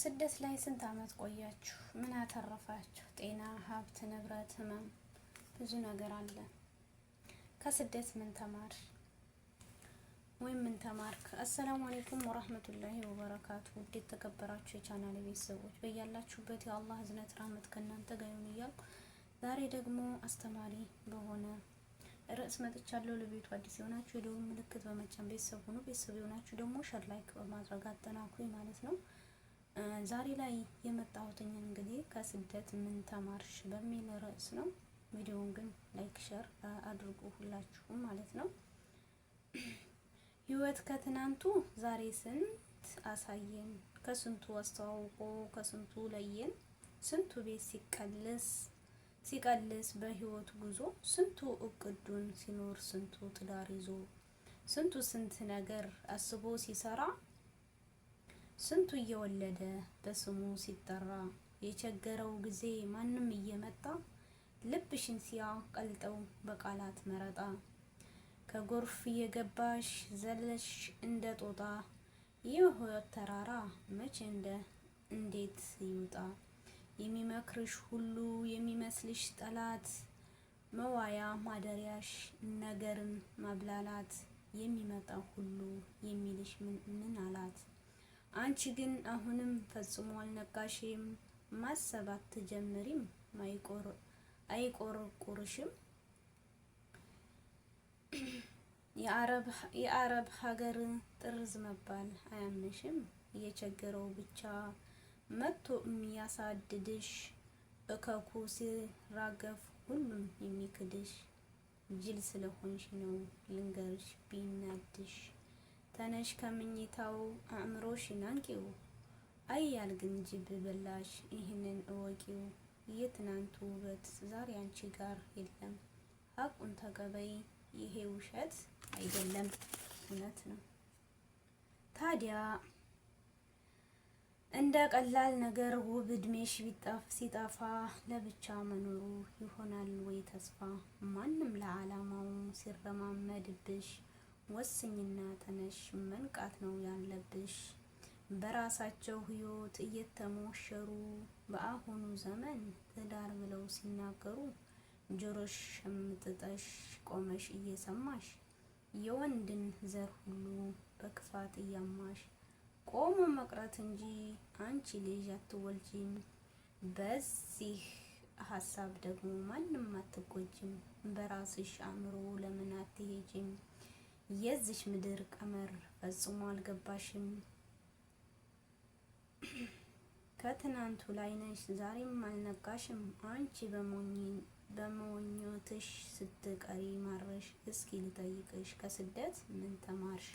ስደት ላይ ስንት አመት ቆያችሁ? ምን አተረፋችሁ? ጤና፣ ሀብት፣ ንብረት፣ ህመም፣ ብዙ ነገር አለ። ከስደት ምን ተማር ወይም ምን ተማርክ? አሰላሙ አሌይኩም ወራህመቱላሂ ወበረካቱ። ውድ የተከበራችሁ የቻናል ቤተሰቦች በያላችሁበት የአላህ ህዝነት ራህመት ከእናንተ ጋር ይሁን እያልኩ ዛሬ ደግሞ አስተማሪ በሆነ ርዕስ መጥቻለሁ። ለቤቱ አዲስ የሆናችሁ የደወል ምልክት በመጫን ቤተሰብ ሆኑ። ቤተሰብ የሆናችሁ ደግሞ ሸር ላይክ በማድረግ አጠናኩኝ ማለት ነው። ዛሬ ላይ የመጣሁትኝ እንግዲህ ከስደት ምን ተማርሽ በሚል ርዕስ ነው። ቪዲዮውን ግን ላይክ ሸር አድርጉ ሁላችሁም ማለት ነው። ህይወት ከትናንቱ ዛሬ ስንት አሳየን፣ ከስንቱ አስተዋውቆ ከስንቱ ለየን። ስንቱ ቤት ሲቀልስ ሲቀልስ በህይወት ጉዞ ስንቱ እቅዱን ሲኖር ስንቱ ትዳር ይዞ ስንቱ ስንት ነገር አስቦ ሲሰራ ስንቱ እየወለደ በስሙ ሲጠራ የቸገረው ጊዜ ማንም እየመጣ ልብሽን ሲያ ቀልጠው በቃላት መረጣ ከጎርፍ እየገባሽ ዘለሽ እንደ ጦጣ የህይወት ተራራ መቼ እንደ እንዴት ይውጣ የሚመክርሽ ሁሉ የሚመስልሽ ጠላት መዋያ ማደሪያሽ ነገርን ማብላላት የሚመጣ ሁሉ የሚልሽ ምን አላት አንቺ ግን አሁንም ፈጽሞ አልነቃሽም። ማሰባት ትጀምሪም አይቆረቁርሽም። የአረብ ሀገር ጥርዝ መባል አያምንሽም። እየቸገረው ብቻ መጥቶ የሚያሳድድሽ እከኩ ሲራገፍ ሁሉም የሚክድሽ ጅል ስለሆንሽ ነው ልንገርሽ ቢናድሽ ተነሽ ከምኝታው አእምሮሽን አንቂው። አይ ያልግን ጅብ በላሽ ይህንን እወቂው። የትናንቱ ውበት ዛሬ አንቺ ጋር የለም። ሀቁን ተቀበይ፣ ይሄ ውሸት አይደለም እውነት ነው። ታዲያ እንደ ቀላል ነገር ውብ እድሜሽ ሲጠፋ ለብቻ መኖሩ ይሆናል ወይ ተስፋ? ማንም ለዓላማው ሲረማመድብሽ ወስኝና ተነሽ። መንቃት ነው ያለብሽ። በራሳቸው ህይወት እየተሞሸሩ በአሁኑ ዘመን ትዳር ብለው ሲናገሩ ጆሮሽ ሸምጥጠሽ ቆመሽ እየሰማሽ የወንድን ዘር ሁሉ በክፋት እያማሽ ቆሞ መቅረት እንጂ አንቺ ልጅ አትወልጂም። በዚህ ሀሳብ ደግሞ ማንም አትጎጂም። በራስሽ አእምሮ ለምን አትሄጂም? የዚች ምድር ቀመር ፈጽሞ አልገባሽም። ከትናንቱ ላይ ነሽ፣ ዛሬም አልነጋሽም። አንቺ በሞኞትሽ ስትቀሪ ማረሽ። እስኪ ልጠይቅሽ ከስደት ምን ተማርሽ?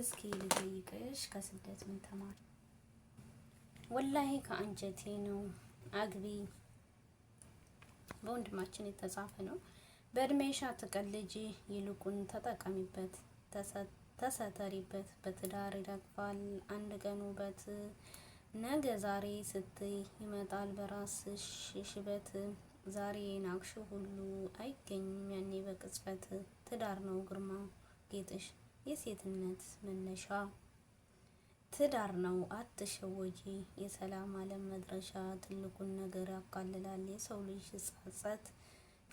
እስኪ ልጠይቅሽ ከስደት ምን ተማርሽ? ወላሂ ከአንጀቴ ነው። አግቢ በወንድማችን የተጻፈ ነው። በእድሜሽ አትቀልጂ፣ ይልቁን ተጠቀሚበት፣ ተሰተሪበት። በትዳር ይረግፋል አንድ ቀን ውበት። ነገ ዛሬ ስትይ ይመጣል በራስሽ ሽበት። ዛሬ ናቅሽ ሁሉ አይገኝም ያኔ በቅጽበት። ትዳር ነው ግርማ ጌጥሽ የሴትነት መነሻ። ትዳር ነው አትሸወጂ፣ የሰላም ዓለም መድረሻ። ትልቁን ነገር ያካልላል የሰው ልጅ ሕጻጸት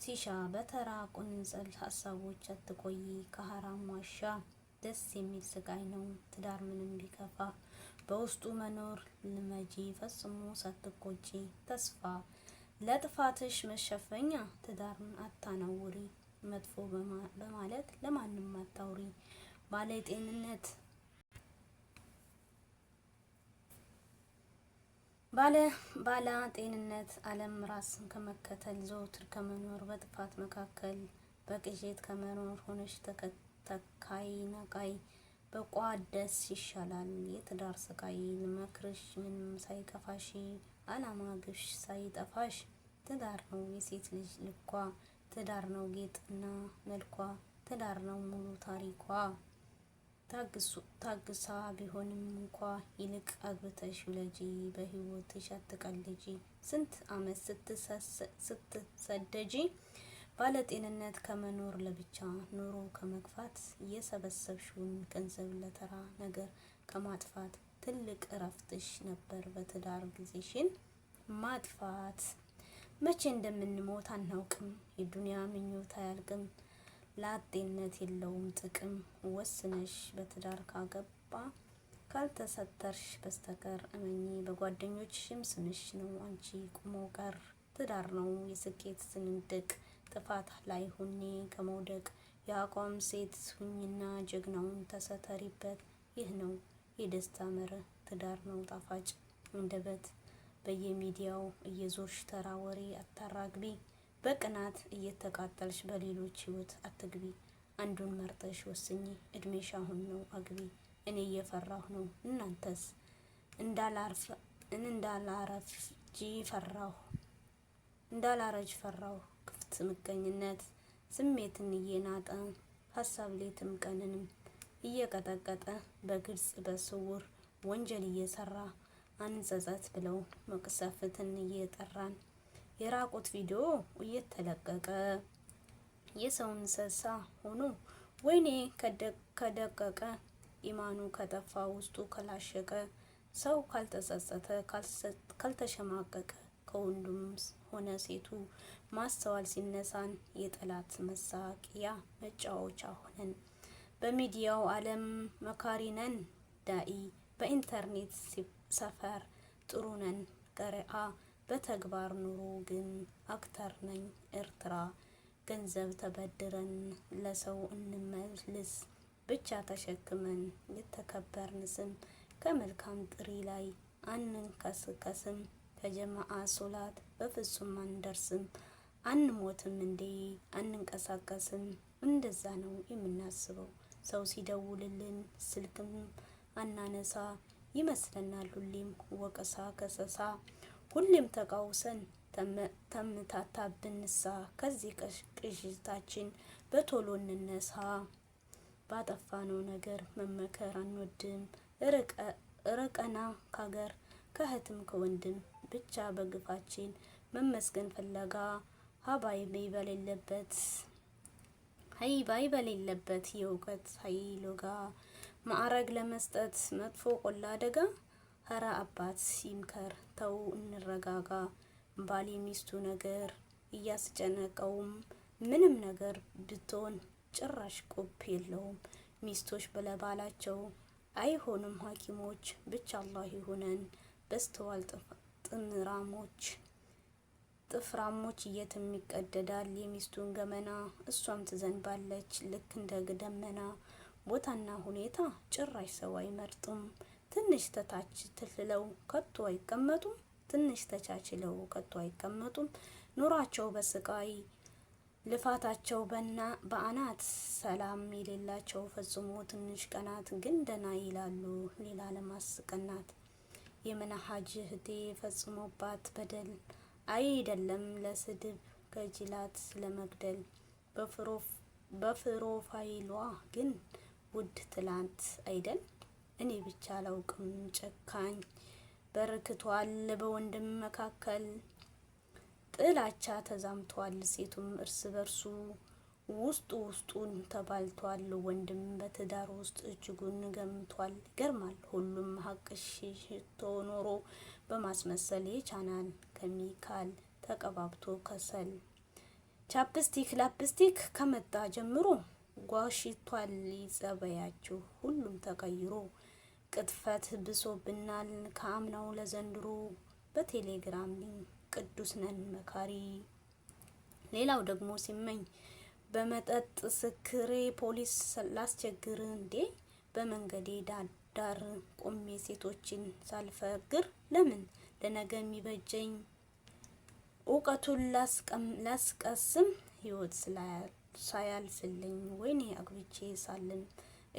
ሲሻ በተራ ቁንጽል ሀሳቦች አትቆይ ከሀራም ዋሻ ደስ የሚል ስቃይ ነው ትዳር ምንም ቢከፋ በውስጡ መኖር ልመጂ ፈጽሞ ሳትቆጪ ተስፋ ለጥፋትሽ መሸፈኛ ትዳርን አታናውሪ መጥፎ በማለት ለማንም አታውሪ ባለ ባለ ባላ ጤንነት ዓለም ራስን ከመከተል ዘውትር ከመኖር በጥፋት መካከል በቅዠት ከመኖር ሆነሽ ተከታካይ ነቃይ በቋ ደስ ይሻላል። የትዳር ስቃይ ልመክርሽ ምንም ሳይከፋሽ አላማ ግብሽ ሳይጠፋሽ ትዳር ነው የሴት ልጅ ልኳ፣ ትዳር ነው ጌጥና መልኳ፣ ትዳር ነው ሙሉ ታሪኳ። ታግሳ ቢሆንም እንኳ ይልቅ አግብተሽ ውለጂ፣ በህይወትሽ አትቀልጂ። ስንት አመት ስትሰደጂ ባለጤንነት ከመኖር ለብቻ ኑሮ ከመግፋት እየሰበሰብሽውን ገንዘብ ለተራ ነገር ከማጥፋት ትልቅ እረፍትሽ ነበር በትዳር ጊዜሽን ማጥፋት። መቼ እንደምንሞት አናውቅም፣ የዱንያ ምኞት አያልቅም። ለአጤነት የለውም ጥቅም። ወስነሽ በትዳር ካገባ ካልተሰተርሽ በስተቀር እመኚ በጓደኞችሽም ስምሽ ነው። አንቺ ቁሞ ቀር ትዳር ነው የስኬት ስንደቅ ጥፋት ላይ ሁኔ ከመውደቅ የአቋም ሴት ሁኝና ጀግናውን ተሰተሪበት። ይህ ነው የደስታ መርህ ትዳር ነው ጣፋጭ እንደበት በየሚዲያው እየዞርሽ ተራ ወሬ አታራግቢ። በቅናት እየተቃጠልሽ በሌሎች ህይወት አትግቢ። አንዱን መርጠሽ ወስኚ፣ እድሜሽ አሁን ነው አግቢ። እኔ እየፈራሁ ነው እናንተስ? እንዳላረጅ ፈራሁ እንዳላረጅ ፈራሁ። ክፍት ምቀኝነት ስሜትን እየናጠ ሀሳብ ሌትም ቀንንም እየቀጠቀጠ በግልጽ በስውር ወንጀል እየሰራ አንጸጸት ብለው መቅሰፍትን እየጠራን የራቁት ቪዲዮ እየተለቀቀ የሰው እንስሳ ሆኖ ወይኔ ከደቀቀ ኢማኑ ከጠፋ ውስጡ ከላሸቀ ሰው ካልተጸጸተ ካልተሸማቀቀ ከወንዱም ሆነ ሴቱ ማስተዋል ሲነሳን የጠላት መሳቂያ መጫወቻ ሆነን በሚዲያው ዓለም መካሪ ነን ዳኢ በኢንተርኔት ሰፈር ጥሩ ነን ገረአ በተግባር ኑሮ ግን አክተር ነኝ ኤርትራ ገንዘብ ተበድረን ለሰው እንመልስ ብቻ ተሸክመን የተከበርን ስም ከመልካም ጥሪ ላይ አንንከስከስም ከጀማአ ሶላት በፍጹም አንደርስም አንሞትም እንዴ አንንቀሳቀስም እንደዛ ነው የምናስበው ሰው ሲደውልልን ስልክም አናነሳ ይመስለናል ሁሌም ወቀሳ ከሰሳ ሁሌም ተቃውሰን ተምታታብን ብንሳ ከዚህ ቅዥታችን በቶሎ እንነሳ። ባጠፋነው ነገር መመከር አንወድም። እርቀና ካገር ከህትም ከወንድም ብቻ በግፋችን መመስገን ፍለጋ ሀባይቤ በሌለበት ሀይባይ በሌለበት የእውቀት ሀይሎጋ ማዕረግ ለመስጠት መጥፎ ቆላ አደጋ ኧረ አባት ሲምከር ተው እንረጋጋ። ባል የሚስቱ ነገር እያስጨነቀውም ምንም ነገር ብትሆን ጭራሽ ቁብ የለውም። ሚስቶች በለባላቸው አይሆንም ሐኪሞች ብቻ አላህ ይሁነን በስተዋል ጥምራሞች ጥፍራሞች የትም ይቀደዳል የሚስቱን ገመና እሷም ትዘንባለች ልክ እንደ ደመና ቦታና ሁኔታ ጭራሽ ሰው አይመርጥም። ትንሽ ተታች ትለው ከቶ አይቀመጡም። ትንሽ ተቻችለው ከቶ አይቀመጡም። ኑሯቸው በስቃይ ልፋታቸው በና በአናት ሰላም የሌላቸው ፈጽሞ ትንሽ ቀናት ግን ደና ይላሉ ሌላ ለማስቀናት ሀጅ እህቴ ፈጽሞባት በደል አይደለም ለስድብ ከጅላት ለመግደል በፍሮፋይሏ ግን ውድ ትላንት አይደል እኔ ብቻ አላውቅም ጨካኝ በርክቷል በወንድም መካከል ጥላቻ ተዛምቷል ሴቱም እርስ በርሱ ውስጡ ውስጡን ተባልቷል ወንድም በትዳር ውስጥ እጅጉን ገምቷል። ይገርማል ሁሉም ሀቅ ሽቶ ኖሮ በማስመሰል የቻናል ኬሚካል ተቀባብቶ ከሰል ቻፕስቲክ ላፕስቲክ ከመጣ ጀምሮ ጓሽቷል ይጸበያችሁ ሁሉም ተቀይሮ ቅጥፈት ብሶብናል ከአምናው ለዘንድሮ በቴሌግራም ቅዱስ ነን መካሪ። ሌላው ደግሞ ሲመኝ በመጠጥ ስክሬ ፖሊስ ላስቸግር እንዴ በመንገዴ ዳዳር ቆሜ ሴቶችን ሳልፈግር ለምን ለነገ የሚበጀኝ እውቀቱን ላስቀስም ህይወት ሳያልፍልኝ ወይኔ አግብቼ ሳልን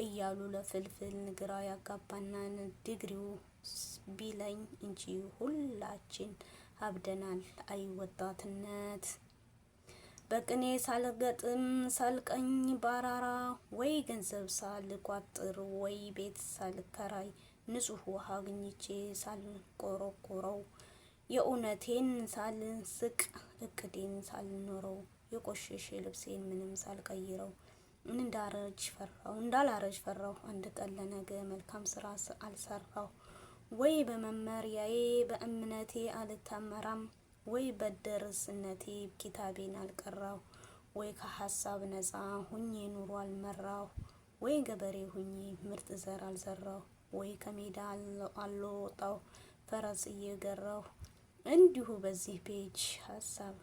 እያሉ ለፍልፍል ግራ ያጋባና ዲግሪው ቢለኝ እንጂ ሁላችን አብደናል። አይ ወጣትነት በቅኔ ሳልገጥም ሳልቀኝ ባራራ ወይ ገንዘብ ሳልቋጥር ወይ ቤት ሳልከራይ ንጹህ ውሃ አግኝቼ ሳልቆረቆረው የእውነቴን ሳልስቅ እቅዴን ሳልኖረው የቆሸሸ ልብሴን ምንም ሳልቀይረው ምን እንዳረጅ ፈራው እንዳላረጅ ፈራው። አንድ ቀን ለነገ መልካም ስራ አልሰራው ወይ በመመሪያዬ በእምነቴ አልታመራም ወይ በደርስነቴ ኪታቤን አልቀራው ወይ ከሀሳብ ነጻ ሁኜ ኑሮ አልመራው ወይ ገበሬ ሁኜ ምርጥ ዘር አልዘራው ወይ ከሜዳ አልወጣው ፈረስ እየገራው። እንዲሁ በዚህ ፔጅ ሀሳብ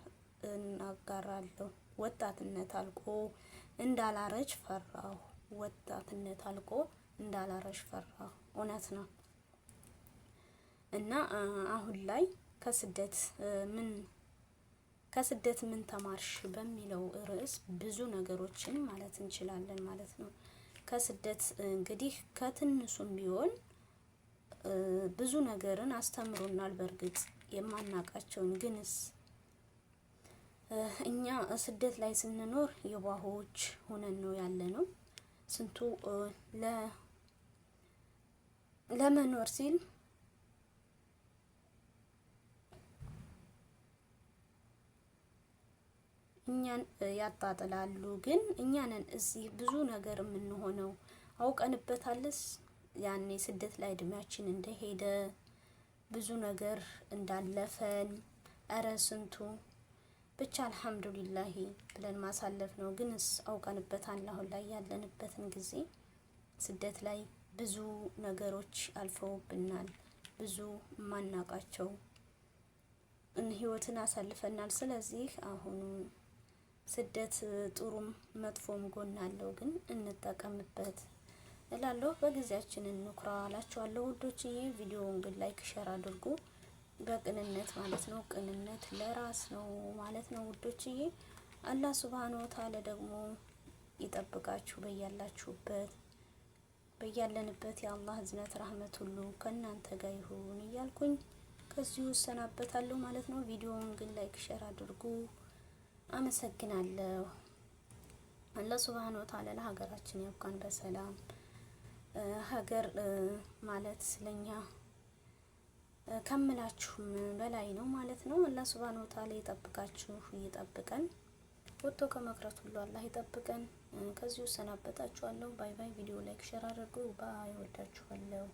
እናጋራለሁ። ወጣትነት አልቆ እንዳላረጅ ፈራሁ። ወጣትነት አልቆ እንዳላረጅ ፈራሁ። እውነት ነው እና አሁን ላይ ከስደት ምን ከስደት ምን ተማርሽ በሚለው ርዕስ ብዙ ነገሮችን ማለት እንችላለን ማለት ነው። ከስደት እንግዲህ ከትንሹም ቢሆን ብዙ ነገርን አስተምሮናል። በእርግጥ የማናቃቸውን ግንስ እኛ ስደት ላይ ስንኖር የዋሆች ሆነን ነው ያለ ነው። ስንቱ ለመኖር ሲል እኛን ያጣጥላሉ። ግን እኛንን እዚህ ብዙ ነገር የምንሆነው አውቀንበታለስ። ያኔ ስደት ላይ እድሜያችን እንደሄደ ብዙ ነገር እንዳለፈን እረ ስንቱ ብቻ አልሐምዱሊላሂ ብለን ማሳለፍ ነው። ግን አውቀንበታል። አሁን ላይ ያለንበትን ጊዜ ስደት ላይ ብዙ ነገሮች አልፈውብናል። ብዙ ማናቃቸው ህይወትን አሳልፈናል። ስለዚህ አሁኑ ስደት ጥሩም መጥፎም ጎን አለው፣ ግን እንጠቀምበት እላለሁ። በጊዜያችን እንኩራ እላችኋለሁ ውዶችዬ። ቪዲዮውን ግን ላይክ ሸር አድርጉ። በቅንነት ማለት ነው። ቅንነት ለራስ ነው ማለት ነው ውዶችዬ። አላህ ሱብሃነ ወተዓላ ደግሞ ይጠብቃችሁ በያላችሁበት በያለንበት የአላህ ህዝነት ረህመት ሁሉ ከእናንተ ጋር ይሁን እያልኩኝ ከዚሁ እሰናበታለሁ ማለት ነው። ቪዲዮውን ግን ላይክ፣ ሼር አድርጉ። አመሰግናለሁ። አላህ ሱብሃነ ወተዓላ ለሀገራችን ያብቃን በሰላም ሀገር ማለት ስለኛ ከምላችሁም በላይ ነው ማለት ነው። አላህ ሱብሃነሁ ወተዓላ ይጠብቃችሁ ይጠብቀን፣ ወጥቶ ከመቅረት ሁሉ አላህ ይጠብቀን። ከዚሁ ሰናበታችኋለሁ። ባይ ባይ። ቪዲዮ ላይክ ሼር አድርጉ። ባይ ወዳችኋለሁ።